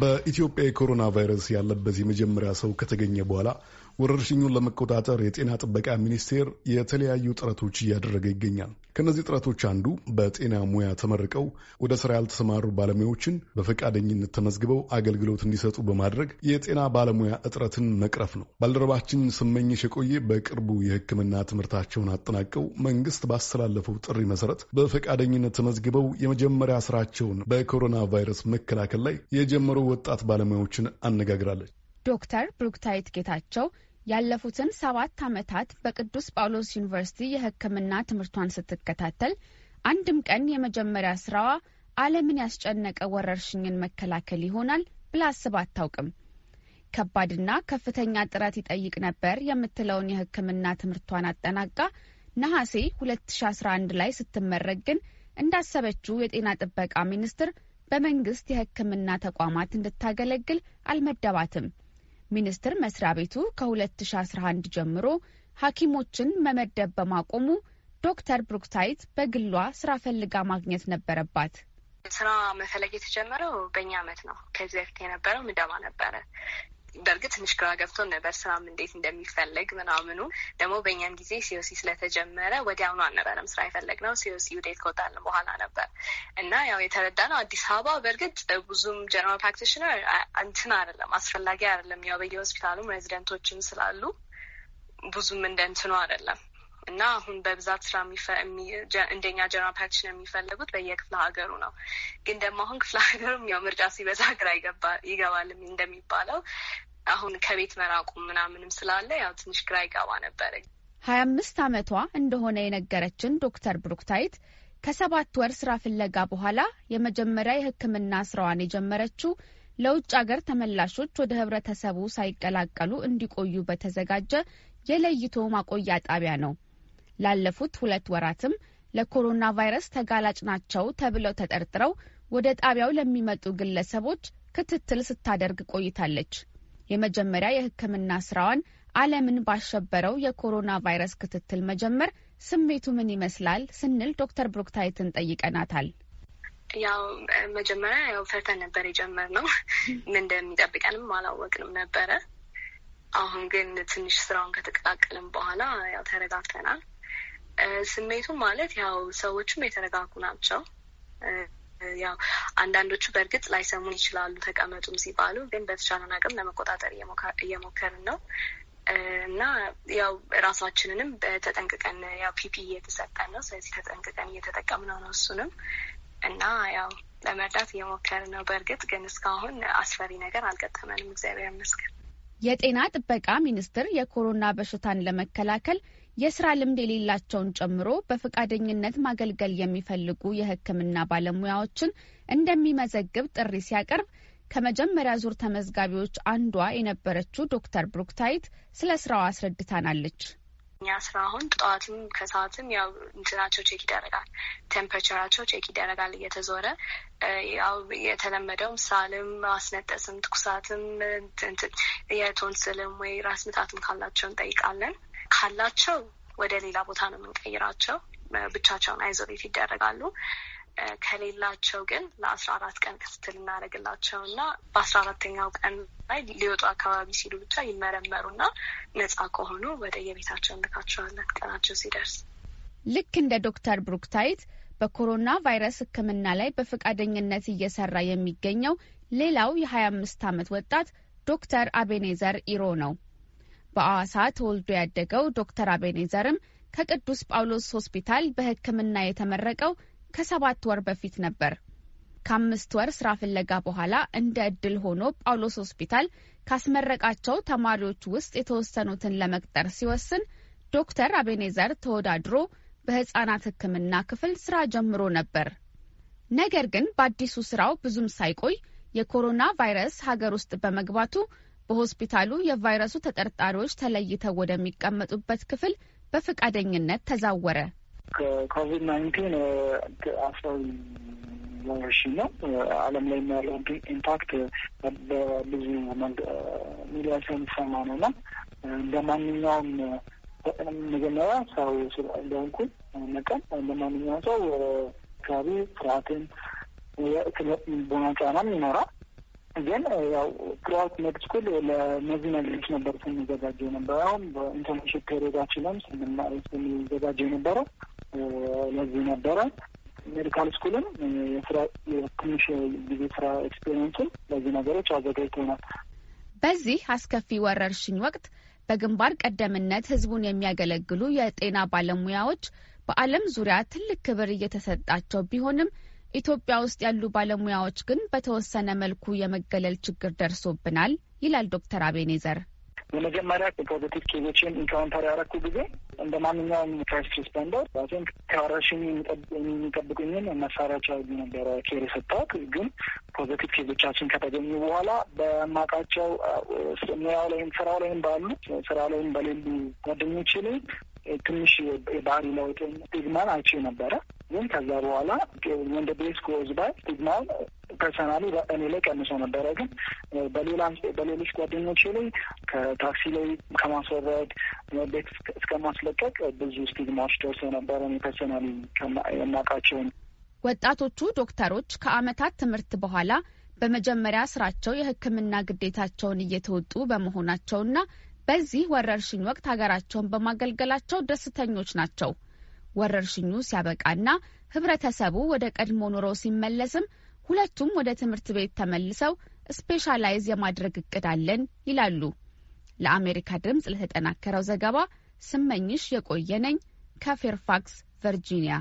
በኢትዮጵያ የኮሮና ቫይረስ ያለበት የመጀመሪያ ሰው ከተገኘ በኋላ ወረርሽኙን ለመቆጣጠር የጤና ጥበቃ ሚኒስቴር የተለያዩ ጥረቶች እያደረገ ይገኛል። ከእነዚህ ጥረቶች አንዱ በጤና ሙያ ተመርቀው ወደ ስራ ያልተሰማሩ ባለሙያዎችን በፈቃደኝነት ተመዝግበው አገልግሎት እንዲሰጡ በማድረግ የጤና ባለሙያ እጥረትን መቅረፍ ነው። ባልደረባችን ስመኝሽ የቆየ በቅርቡ የሕክምና ትምህርታቸውን አጠናቀው መንግስት ባስተላለፈው ጥሪ መሰረት በፈቃደኝነት ተመዝግበው የመጀመሪያ ስራቸውን በኮሮና ቫይረስ መከላከል ላይ የጀመሩ ወጣት ባለሙያዎችን አነጋግራለች። ዶክተር ብሩክታይት ጌታቸው ያለፉትን ሰባት ዓመታት በቅዱስ ጳውሎስ ዩኒቨርሲቲ የሕክምና ትምህርቷን ስትከታተል አንድም ቀን የመጀመሪያ ስራዋ ዓለምን ያስጨነቀ ወረርሽኝን መከላከል ይሆናል ብላ አስባ አታውቅም። ከባድና ከፍተኛ ጥረት ይጠይቅ ነበር የምትለውን የሕክምና ትምህርቷን አጠናቃ ነሐሴ 2011 ላይ ስትመረቅ ግን እንዳሰበችው የጤና ጥበቃ ሚኒስቴር በመንግስት የሕክምና ተቋማት እንድታገለግል አልመደባትም። ሚኒስቴር መስሪያ ቤቱ ከ2011 ጀምሮ ሐኪሞችን መመደብ በማቆሙ ዶክተር ብሩክታይት በግሏ ስራ ፈልጋ ማግኘት ነበረባት። ስራ መፈለግ የተጀመረው በእኛ ዓመት ነው። ከዚህ በፊት የነበረው ምደባ ነበረ። በእርግጥ ትንሽ ግራ ገብቶ ነበር። ስራም እንዴት እንደሚፈለግ ምናምኑ ደግሞ በእኛም ጊዜ ሲዮሲ ስለተጀመረ ወዲያውኑ አልነበረም ስራ የፈለግነው ሲዮሲ ውዴት ከወጣልን በኋላ ነበር እና ያው የተረዳነው አዲስ አበባ በእርግጥ ብዙም ጀነራል ፕራክቲሽነር እንትን አይደለም አስፈላጊ አይደለም። ያው በየሆስፒታሉም ሬዚደንቶችም ስላሉ ብዙም እንደ እንትኑ አይደለም እና አሁን በብዛት ስራ እንደኛ ጀነራል ፕራክቲሽነር የሚፈልጉት በየክፍለ ሀገሩ ነው። ግን ደግሞ አሁን ክፍለ ሀገሩም ያው ምርጫ ሲበዛ ግራ ይገባል እንደሚባለው አሁን ከቤት መራቁ ምናምንም ስላለ ያው ትንሽ ግራ ይገባ ነበረ። ሀያ አምስት አመቷ እንደሆነ የነገረችን ዶክተር ብሩክታይት ከሰባት ወር ስራ ፍለጋ በኋላ የመጀመሪያ የሕክምና ስራዋን የጀመረችው ለውጭ አገር ተመላሾች ወደ ህብረተሰቡ ሳይቀላቀሉ እንዲቆዩ በተዘጋጀ የለይቶ ማቆያ ጣቢያ ነው። ላለፉት ሁለት ወራትም ለኮሮና ቫይረስ ተጋላጭ ናቸው ተብለው ተጠርጥረው ወደ ጣቢያው ለሚመጡ ግለሰቦች ክትትል ስታደርግ ቆይታለች። የመጀመሪያ የሕክምና ስራዋን ዓለምን ባሸበረው የኮሮና ቫይረስ ክትትል መጀመር ስሜቱ ምን ይመስላል ስንል ዶክተር ብሩክታይትን ጠይቀናታል። ያው መጀመሪያ ያው ፈርተን ነበር የጀመርነው። ምን እንደሚጠብቀንም አላወቅንም ነበረ። አሁን ግን ትንሽ ስራውን ከተቀላቀልን በኋላ ያው ተረጋግተናል። ስሜቱ ማለት ያው ሰዎችም የተረጋጉ ናቸው። ያው አንዳንዶቹ በእርግጥ ላይሰሙን ይችላሉ ተቀመጡም ሲባሉ፣ ግን በተቻለን አቅም ለመቆጣጠር እየሞከርን ነው እና ያው ራሳችንንም ተጠንቅቀን ያው ፒፒ እየተሰጠን ነው። ስለዚህ ተጠንቅቀን እየተጠቀምነው ነው እሱንም እና ያው ለመርዳት እየሞከርን ነው። በእርግጥ ግን እስካሁን አስፈሪ ነገር አልገጠመንም፣ እግዚአብሔር ይመስገን። የጤና ጥበቃ ሚኒስቴር የኮሮና በሽታን ለመከላከል የስራ ልምድ የሌላቸውን ጨምሮ በፈቃደኝነት ማገልገል የሚፈልጉ የሕክምና ባለሙያዎችን እንደሚመዘግብ ጥሪ ሲያቀርብ ከመጀመሪያ ዙር ተመዝጋቢዎች አንዷ የነበረችው ዶክተር ብሩክታይት ስለ ስራው አስረድታናለች። እኛ ስራ አሁን ጠዋትም ከሰዓትም ያው እንትናቸው ቼክ ይደረጋል፣ ቴምፐቸራቸው ቼክ ይደረጋል እየተዞረ ያው የተለመደውም ሳልም፣ ማስነጠስም፣ ትኩሳትም፣ የቶንስልም ወይ ራስ ምታትም ካላቸው እንጠይቃለን። ካላቸው ወደ ሌላ ቦታ ነው የምንቀይራቸው። ብቻቸውን አይዞሌት ይደረጋሉ። ከሌላቸው ግን ለአስራ አራት ቀን ክትትል እናደርግላቸው እና በአስራ አራተኛው ቀን ላይ ሊወጡ አካባቢ ሲሉ ብቻ ይመረመሩና ነጻ ከሆኑ ወደ የቤታቸው እንልካቸዋለን ቀናቸው ሲደርስ። ልክ እንደ ዶክተር ብሩክታይት በኮሮና ቫይረስ ሕክምና ላይ በፈቃደኝነት እየሰራ የሚገኘው ሌላው የ25 ዓመት ወጣት ዶክተር አቤኔዘር ኢሮ ነው። በአዋሳ ተወልዶ ያደገው ዶክተር አቤኔዘርም ከቅዱስ ጳውሎስ ሆስፒታል በሕክምና የተመረቀው ከሰባት ወር በፊት ነበር። ከአምስት ወር ስራ ፍለጋ በኋላ እንደ እድል ሆኖ ጳውሎስ ሆስፒታል ካስመረቃቸው ተማሪዎች ውስጥ የተወሰኑትን ለመቅጠር ሲወስን ዶክተር አቤኔዘር ተወዳድሮ በህጻናት ህክምና ክፍል ስራ ጀምሮ ነበር። ነገር ግን በአዲሱ ስራው ብዙም ሳይቆይ የኮሮና ቫይረስ ሀገር ውስጥ በመግባቱ በሆስፒታሉ የቫይረሱ ተጠርጣሪዎች ተለይተው ወደሚቀመጡበት ክፍል በፈቃደኝነት ተዛወረ። ከኮቪድ ናይንቲን አስራዊ ወረርሽኝ ነው። ዓለም ላይ ያለው ኢምፓክት በብዙ ሚዲያ የሚሰማ ነው እና እንደ ማንኛውም መጀመሪያ ሰው እንደሆንኩ መቀን እንደ ማንኛውም ሰው አካባቢ ፍርሃትን ስነ ጫናም ይኖራል። ግን ያው ክራት ሜድ ስኩል ለነዚህ ነገሮች ነበር ስንዘጋጀ ነበር። አሁን በኢንተርንሽፕ ፔሪዳችንም ስንዘጋጀ የነበረ ለዚህ ነበረ። ሜዲካል ስኩልም የስራ የትንሽ ጊዜ ስራ ኤክስፔሪንስም ለዚህ ነገሮች አዘጋጅተናል። በዚህ አስከፊ ወረርሽኝ ወቅት በግንባር ቀደምነት ህዝቡን የሚያገለግሉ የጤና ባለሙያዎች በዓለም ዙሪያ ትልቅ ክብር እየተሰጣቸው ቢሆንም ኢትዮጵያ ውስጥ ያሉ ባለሙያዎች ግን በተወሰነ መልኩ የመገለል ችግር ደርሶብናል ይላል ዶክተር አቤኔዘር። የመጀመሪያ ፖዘቲቭ ኬዞችን ኢንካውንተር ያረኩ ጊዜ እንደ ማንኛውም ፈርስት ሪስፖንደር ን ከወረርሽኙ የሚጠብቁኝን መሳሪያዎች ያሉ ነበረ ኬር የሰጠሁት። ግን ፖዘቲቭ ኬዞቻችን ከተገኙ በኋላ በማውቃቸው ሙያው ላይም ስራው ላይም ባሉ ስራ ላይም በሌሉ ጓደኞች ላይ ትንሽ የባህሪ ለውጥ ስቲግማን አይቼ ነበረ። ግን ከዛ በኋላ ወንደ ቤስ ጎዝ ባይ ስቲግማው ፐርሰናሊ እኔ ላይ ቀንሶ ነበረ። ግን በሌላ በሌሎች ጓደኞቼ ላይ ከታክሲ ላይ ከማስወረድ ቤት እስከማስለቀቅ ብዙ ስቲግማዎች ደርሶ ነበረ። እኔ ፐርሰናሊ የማውቃቸውን ወጣቶቹ ዶክተሮች ከአመታት ትምህርት በኋላ በመጀመሪያ ስራቸው የሕክምና ግዴታቸውን እየተወጡ በመሆናቸውና በዚህ ወረርሽኝ ወቅት ሀገራቸውን በማገልገላቸው ደስተኞች ናቸው። ወረርሽኙ ሲያበቃና ህብረተሰቡ ወደ ቀድሞ ኑሮ ሲመለስም ሁለቱም ወደ ትምህርት ቤት ተመልሰው ስፔሻላይዝ የማድረግ እቅድ አለን ይላሉ። ለአሜሪካ ድምፅ ለተጠናከረው ዘገባ ስመኝሽ የቆየነኝ ከፌርፋክስ ቨርጂኒያ።